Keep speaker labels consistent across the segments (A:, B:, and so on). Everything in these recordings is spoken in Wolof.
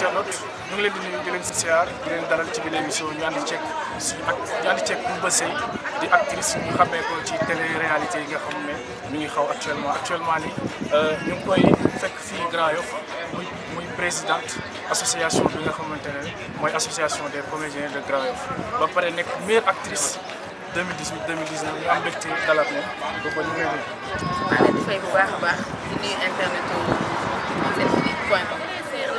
A: internautes ñu ngi leen di nuyu di leen siyaar di leen dalal ci biir émission ñu ànd ceeg suñu ak ñu di actrice ñu xamee ko ci télé réalité nga xam ne ñu ngi xaw actuellement actuellement ni euh, ñu ngi koy fekk fii Grand Yoff muy muy association bi nga xamante ne mooy association des comédiens de Grand Yoff ba pare nekk meilleure actrice de 2019 ñu am mbégte dalal moom donc ñu ngi lay nuyu.
B: maa ngi leen di fay bu baax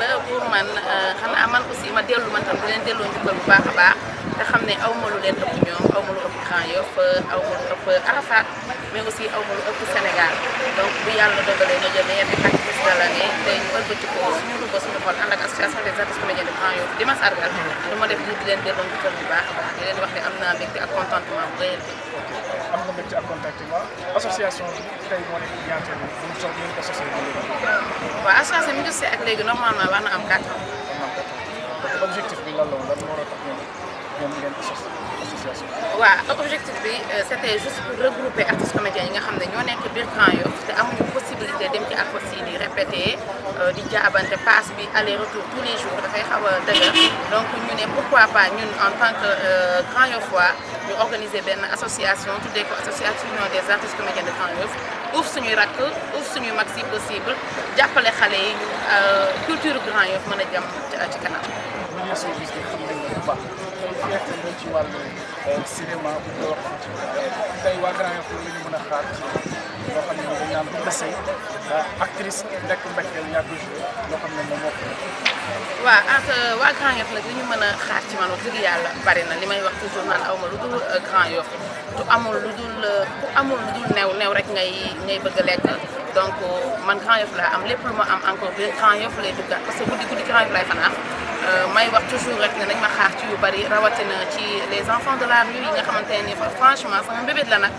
B: a pour man euh, xanaa man aussi ma dellu man tam di leen delloo njukkal bu baax a te xam ne aw ma lu leen ëpp ñoom aw ma lu ëpp Grand Yoff ma lu ëpp Arafat mais aw ma lu ëpp Sénégal bu yàlla dogalee nga jël yenn activiste de l'année te ñu ëlbati ko suñu ma sargal du ma def lii di leen delloo njukkal bu baax a baax ne am naa mbégte ak association mi ngi ak léegi normalement war na am am
A: objectif bi lan la woon lan moo bi c'
B: euh, était juste yi nga xam ne ñoo nekk biir Grand te amuñu possibilité dem ci arcos yi di répéter euh, di jaabante passe bi aller retour tous les jours dafay xaw a donc pourquoi pas en tant que euh, Grand Yoffois ñu organiser benn association tuddee ko association des artistes comédiens de Grand Yoff. uuf suñuy rakk uuf suñuy mag si possible jàppale xale yi euh, culture Grand Yoff mën a jëm ci kanam.
A: ñu soo gis ne xam nañ bu baax fierté la ci wàllu euh, cinéma bu ñu wax euh, tey waa Grand Yoff la ñu mën a xaar ci. loo xam ne dañ naan bu ko sëy actrice nekk Mbacke ñaar bi loo
B: waa Grand Yoff nag li ñu mën a xaar ci man wax yàlla bari na li may wax toujours aw ma lu dul euh, Grand Yoff du amul lu dul euh, ku amul lu dul neew neew rek ngay ngay bëgg lekk donc euh, man Grand Yoff laa am lépp lu ma am encore bi Grand Yoff lay duggaat parce que guddi guddi Grand Yoff lay fanaan may wax toujours rek nañ ma xaar ci yu bari rawatina ci les enfants de la rue yi nga xamante franchement sama mbébét la nag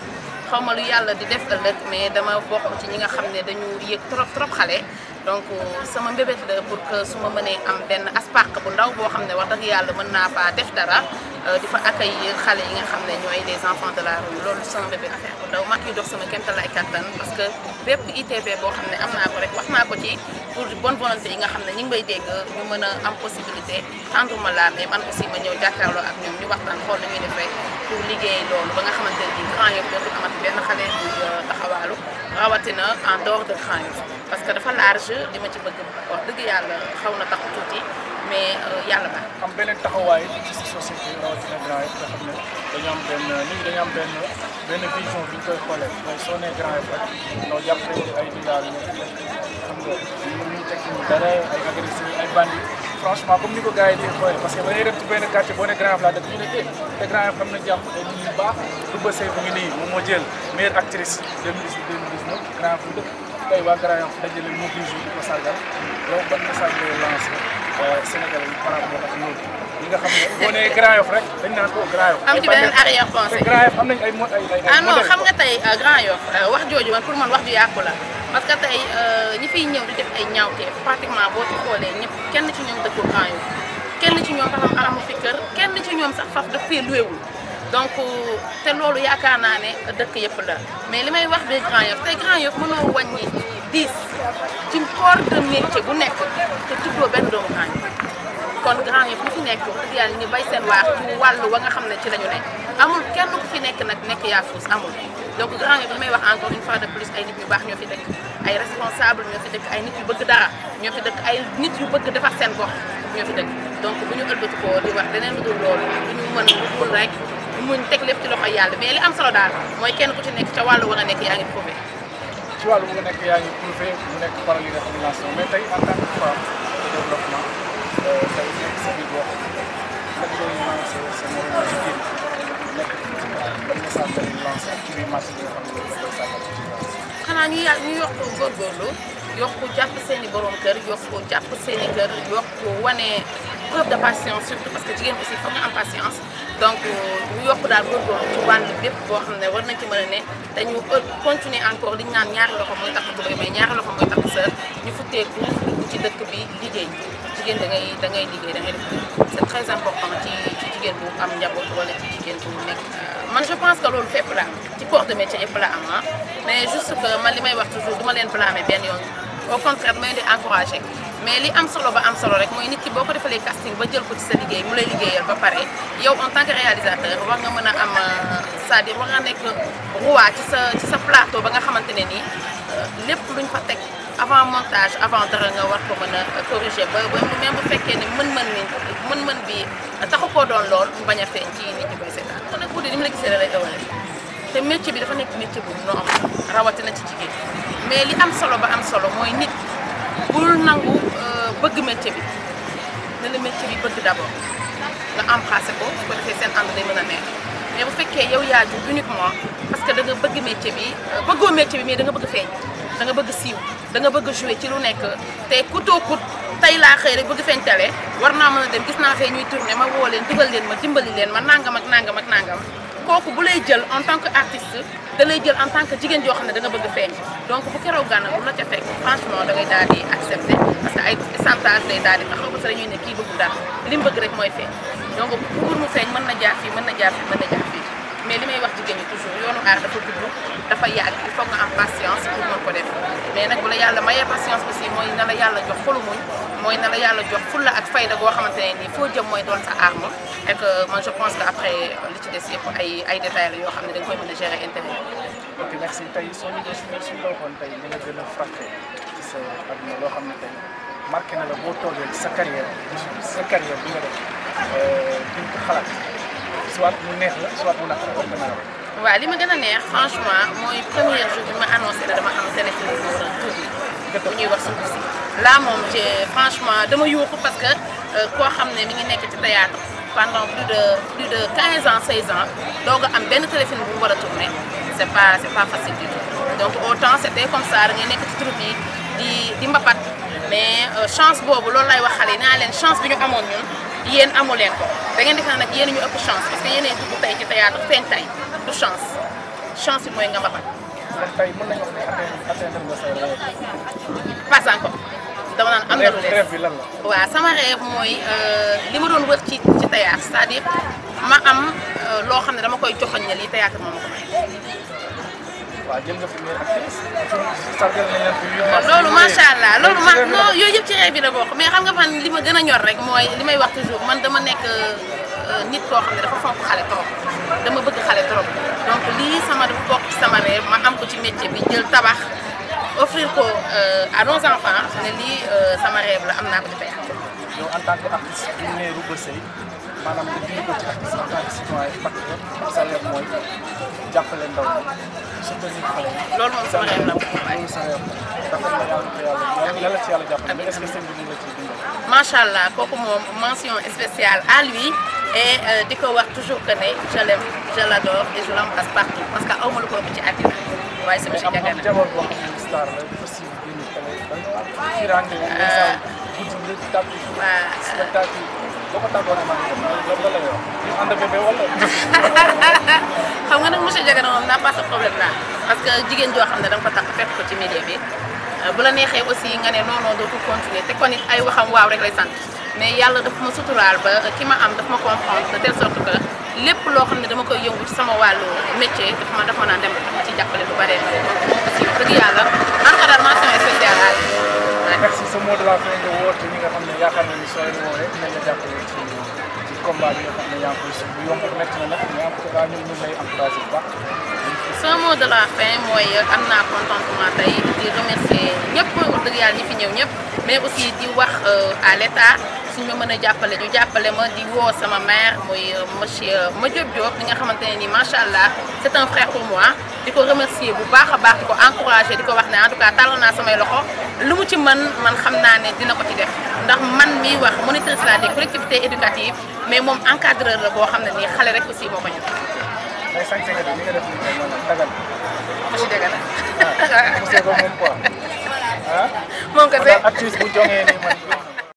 B: xaw ma lu yàlla di def ëllëg mais dama bokk ci ñi nga xam ne dañu yëg trop trop xale donc sama mbébét la pour que su ma mënee am benn aspark bu ndaw boo xam ne wax dëgg yàlla mën naa faa def dara euh, di fa xale yi nga xam ne ñooy les enfants de la rue loolu sama mbébét affaire bu ndaw maa ngi dox sama kéemtalaay kattan parce que bépp ITV boo xam ne am naa ko rek wax naa ko ci pour bonne volonté yi nga xam ne ñu ngi may dégg ñu mën a am possibilité tendre ma la mais man aussi ma ñëw jàkkaarloo ak ñoom ñu waxtaan xool li ñuy def rek pour ba nga xamante ni Grand Yoff dootul amati euh, de Grand jeu li ma ci bëgg wax dëgg yàlla xaw na taxu tuuti mais euh, yàlla baax
A: am beneen taxawaay ci si société rawatina na Yoff nga xam ne am benn nit ñi dañu am benn benn vision bi soo nee Grand Yoff rek noo jàpp rek ay dindaal xam nga ñu ñu tekki ñu dara ay agressé ay bandi franchement comme ni ko gars yi di xoolee parce que ba ñuy dem ci benn Grand Yoff laa dëkk ñu ne eh te Grand Yoff na jàmm ay nit ñu baax du bësee bu ngi nii moom moo jël meilleure actrice 2018 2019 Grand Yoff dëkk tey waa Grand Yoff dajale moo euh, nga xam ne boo nee Grand Yoff rek dañ naan ko Grand te Grand Yoff ah
B: nga tey euh, Grand Yoff euh, wax jooju man pour man wax ju yàqu la parce que tey ñi fiy ñëw di def ay ñaawteef pratiquement boo ci xoolee ñëpp kenn ci ñoom dëkkul Grand Yoff kenn ci ñoom dafa am aramu fi sax faf daf luwewul donc te loolu yaakaar naa ne dëkk yëpp la mais li may wax de Grand Yoff tey Grand Yoff mënoo wàññi 10 ci corps de métier bu nekk te tuddoo benn doomu Grand Yoff kon nekk wax yàlla ñu bay seen waax ci wàllu wa xam ne ci la ñu amul kenn ku fi nekk nag nekk yaa amul donc Grand may wax encore une fois de plus ay nit ñu baax ñoo fi dëkk ay responsable ñoo fi dëkk ay nit yu bëgg dara ñoo fi dëkk ay nit yu bëgg defar seen gox ñoo fi dëkk donc bu ñu ëlbati ko di wax leneen lu loolu du ñu mën lu dul rek muñ teg lépp ci loxo yàlla mais li am solo daal mooy kenn ku ci nekk ca wàllu wa nga nekk yaa ngi prouvé.
A: ci wàllu wa nga nekk yaa ngi prouvé mu nekk par li nga xam mais tey en tant que femme de développement euh, tey nekk sa biir gox naka la ñuy lancé sa morom jigéen nekk ban message la ñuy lancé ak ci biir marché bi nga xam ne moom la koy sàmm
B: ci xanaa ñu yàlla ñu yokk góorgóorlu. yokku jàpp seen i borom kër yokku jàpp seen i kër yokku wane preuve de patience surtout parce que jigéen aussi foog nga am patience donc ñu euh, yokk daal góorgóorlu ci wàll bépp boo xam ne war nañ ci mën a ne dañu euh, continuer encore di naan ñaari loxo mooy takk du mais ñaari loxo mooy takk sër ñu futteeku ci dëkk bi liggéey jigéen da ngay da ngay liggéey da ngay def c'est am important ci ci jigéen bu am njaboot wala ci jigéen bu nekk. man je pense que loolu fépp la ci corps de métier yëpp am ah mais juste que man li may wax toujours du ma leen blâmer benn yoon au contraire li am solo ba am solo rek mooy nit ki boo ko defalee casting ba jël ko ci sa liggéey mu lay liggéeyal ba pare yow en tant que réalisateur war nga mën a am euh, cest war nga nekk roi ci sa ci plateau ba nga xamante ne nii euh, lépp luñ fa teg avant montage avant dara nga war ko mën a euh, corriger ba ba même bu fekkee ne mën-mën ni mën-mën bi taxu koo doon lool mu de ni mu la gisee da lay dawale te métier bi dafa nekk métier bu noo am rawatina ci jigéen mais li am solo ba am solo mooy nit bul nangu euh, bëgg métier bi na la métier bi bëgg d'abord nga embrasser ko su ko defee seen ànd day mën a neex mais bu fekkee yow yaa uniquement parce que da bëgg métier bi euh, bëggoo métier bi mais da nga bëgg feeñ da nga bëgg siiw da nga bëgg jouer ci lu nekk te kutoo kut tey laa xëy rek bëgg feen télé war naa mën a dem gis naa fee ñuy tourné ma woo leen dugal leen ma dimbali leen ma nangam ak nangam ak nangam kooku bu lay jël en tant que artiste da lay jël en tant que jigéen joo xam ne da bëgg feeñ donc bu keroog gànna bu la ca fekk franchement daal di accepté parce que ay chantage lay di taxaw parce que dañuy ne kii bëgg dara li mu bëgg rek mooy feeñ donc pour mu feeñ mën na jaar fii mën na jaar mais li may wax jigéen toujours yoonu aar dafa gudd dafa yàgg il faut nga am patience mais nag bu yàlla mayee patience aussi mooy na la yàlla jox xolu muñ mooy na la yàlla jox fulla ak fayda goo xamante ne nii foo jëm mooy doon sa arme et que man je pense après li ci des yëpp ay ay détails yoo xam ne da nga
A: koy merci tey soo ñu doon suñu suñu waxoon tey li sa adduna loo xam ne tey marqué na la boo toogee sa carrière sa carrière bi nga def euh, duñ ko xalaat. soit mu neex la soit mu naqari la wax.
B: waaw li ma gën a neex franchement mooy premier jour bi ma annoncé la dama am sélection bu war a bi. ñuy wax suuf si. là dama yuuxu parce que euh, koo xam ne mi ngi nekk ci théâtre pendant plus de plus de 15 ans am benn téléfilm bu war a tourné c' est pas c' est pas facile du donc autant c' était comme ça da ngay nekk ci troupe bi di mbapat mais euh, chance boobu loolu lay wax xale yi naa leen chance bi ñu amoon ñun. yéen amu leen ko da ngeen defe ne nag yéen ñu ëpp chance parce que yéen a dugg tey ci théâtre feeñ tey du chance chance bi mooy nga mbapat. ndax tey mën nañu wax ne atteindre nga sa dama naan am leen rêve sama rêve mooy euh, li ma doon wër ci ci théâtre cest ma am euh, loo xam ne dama koy joxoñ ne lii théâtre moom ko
A: waaw jël nga fi meilleure actrice sargal nañ loolu macha allah loolu man non
B: yooyu yëpp ci rêve bi la bokk mais xam nga man li ma gën a ñor rek mooy li may wax toujours man dama nekk euh, euh, nit koo xam ne dafa fonk xale trop dama bëgg xale trop donc lii sama bokk sama rêve ma am ko ci métier bi jël tabax offrir ko euh, à nos enfants ne lii sama rêve la am naa ko ci maanaam li ñu ko ci ak en tant que citoyen patriote sa leer mooy
A: jàppale ndaw ñi soutenir xale yi. loolu moom sama leer la bu baax sa leer dafa la yàlla ko yàlla la la ci yàlla jàppale mais est-ce que sëñ bi ñu la ciy dundal.
B: macha allah kooku moom mention spéciale à lui et euh, di ko wax toujours que ne je l'aime je l'adore et je l'embrasse partout parce que aw ma lu ko ëpp ci àddina waaye sama si jagana. mais am am wax star la dafa siiw génn télé ba. Euh, waaw waaw waaw xam nga nag monsieur Diakhoune moom daa passé problème daal parce que jigéen joo xam ne da nga ko takk fekk ko ci milieu bi euh, bu la neexee aussi nga ne non non doo ko continuer te kon it ay waxam waaw rek lay sant mais yàlla daf ma suturaal ba ki ma am dafa ma comprendre de telle sorte que lépp loo xam ne dama koy yëngu ci sama wàllu métier daf ma daf naa dem daf ci jàppale bu bëree bëri parce que dëgg yàlla.
A: sa mot la fin nga woo te ñi nga xam ne yaakaar nañu soo leen woowee dinañ la jàppale ci ci combat nga xam ne yaa ngi koy suuf bu yomb métti na nag mais
B: en la fin mooy am naa contentement tey di remercier ñëpp wax dëgg yàlla ñi fi ñëw ñëpp mais aussi di wax euh, à l' suñ ma mën a jàppale ñu jàppale ma di woo sama mère mooy euh, monsieur ma Diop li nga xamante ne nii macha allah c'est un frère pour moi di ko remercier bu baax a baax di ko encourager di ko wax ne en tout naa samay loxo lu mu ci mën man xam naa ne dina ko ci def ndax man miy wax monitrice la des collectivités éducatives mais moom encadreur la boo xam ne nii xale rek aussi moo ko ñor.
A: ko moom quoi. ah moom kese actrice bu